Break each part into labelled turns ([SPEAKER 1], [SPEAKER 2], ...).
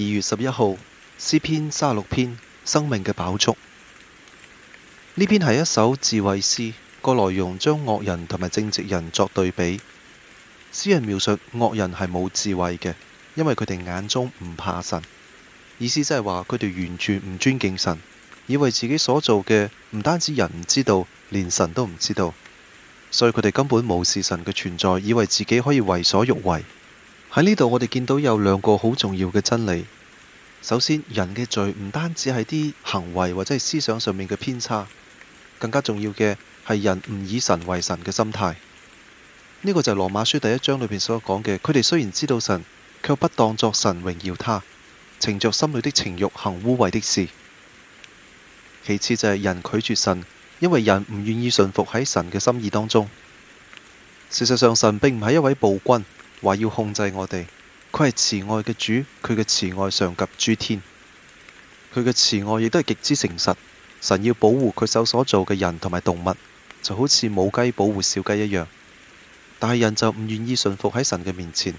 [SPEAKER 1] 二月十一號，詩篇三十六篇，生命嘅飽足。呢篇係一首智慧詩，個內容將惡人同埋正直人作對比。詩人描述惡人係冇智慧嘅，因為佢哋眼中唔怕神，意思即係話佢哋完全唔尊敬神，以為自己所做嘅唔單止人唔知道，連神都唔知道，所以佢哋根本無視神嘅存在，以為自己可以為所欲為。喺呢度我哋見到有兩個好重要嘅真理。首先，人嘅罪唔單止係啲行為或者係思想上面嘅偏差，更加重要嘅係人唔以神為神嘅心態。呢個就係羅馬書第一章裏邊所講嘅，佢哋雖然知道神，卻不當作神榮耀他，逞着心裏的情慾行污穢的事。其次就係人拒絕神，因為人唔願意順服喺神嘅心意當中。事實上，神並唔係一位暴君，話要控制我哋。佢係慈愛嘅主，佢嘅慈愛上及諸天，佢嘅慈愛亦都係極之誠實。神要保護佢手所做嘅人同埋動物，就好似母雞保護小雞一樣。但係人就唔願意順服喺神嘅面前，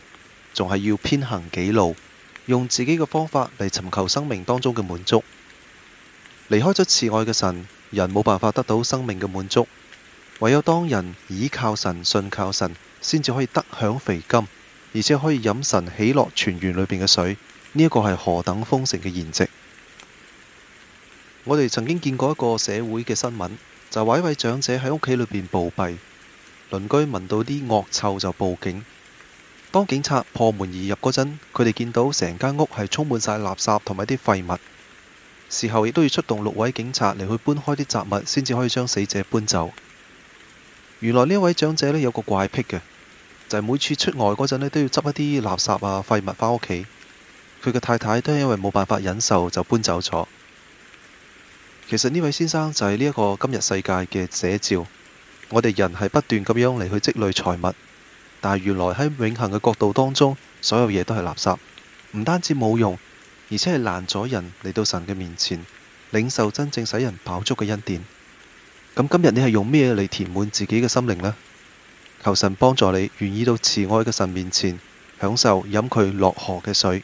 [SPEAKER 1] 仲係要偏行己路，用自己嘅方法嚟尋求生命當中嘅滿足。離開咗慈愛嘅神，人冇辦法得到生命嘅滿足。唯有當人倚靠神，信靠神，先至可以得享肥甘。而且可以飲神喜樂泉源裏邊嘅水，呢一個係何等豐盛嘅筵席！我哋曾經見過一個社會嘅新聞，就有一位長者喺屋企裏邊暴斃，鄰居聞到啲惡臭就報警。當警察破門而入嗰陣，佢哋見到成間屋係充滿晒垃圾同埋啲廢物，事後亦都要出動六位警察嚟，去搬開啲雜物，先至可以將死者搬走。原來呢位長者呢有個怪癖嘅。就係每次出外嗰陣咧，都要執一啲垃圾啊廢物返屋企。佢嘅太太都係因為冇辦法忍受，就搬走咗。其實呢位先生就係呢一個今日世界嘅寫照。我哋人係不斷咁樣嚟去積累財物，但係原來喺永恆嘅角度當中，所有嘢都係垃圾，唔單止冇用，而且係攔咗人嚟到神嘅面前領受真正使人飽足嘅恩典。咁今日你係用咩嚟填滿自己嘅心靈呢？求神幫助你願意到慈愛嘅神面前，享受飲佢樂河嘅水。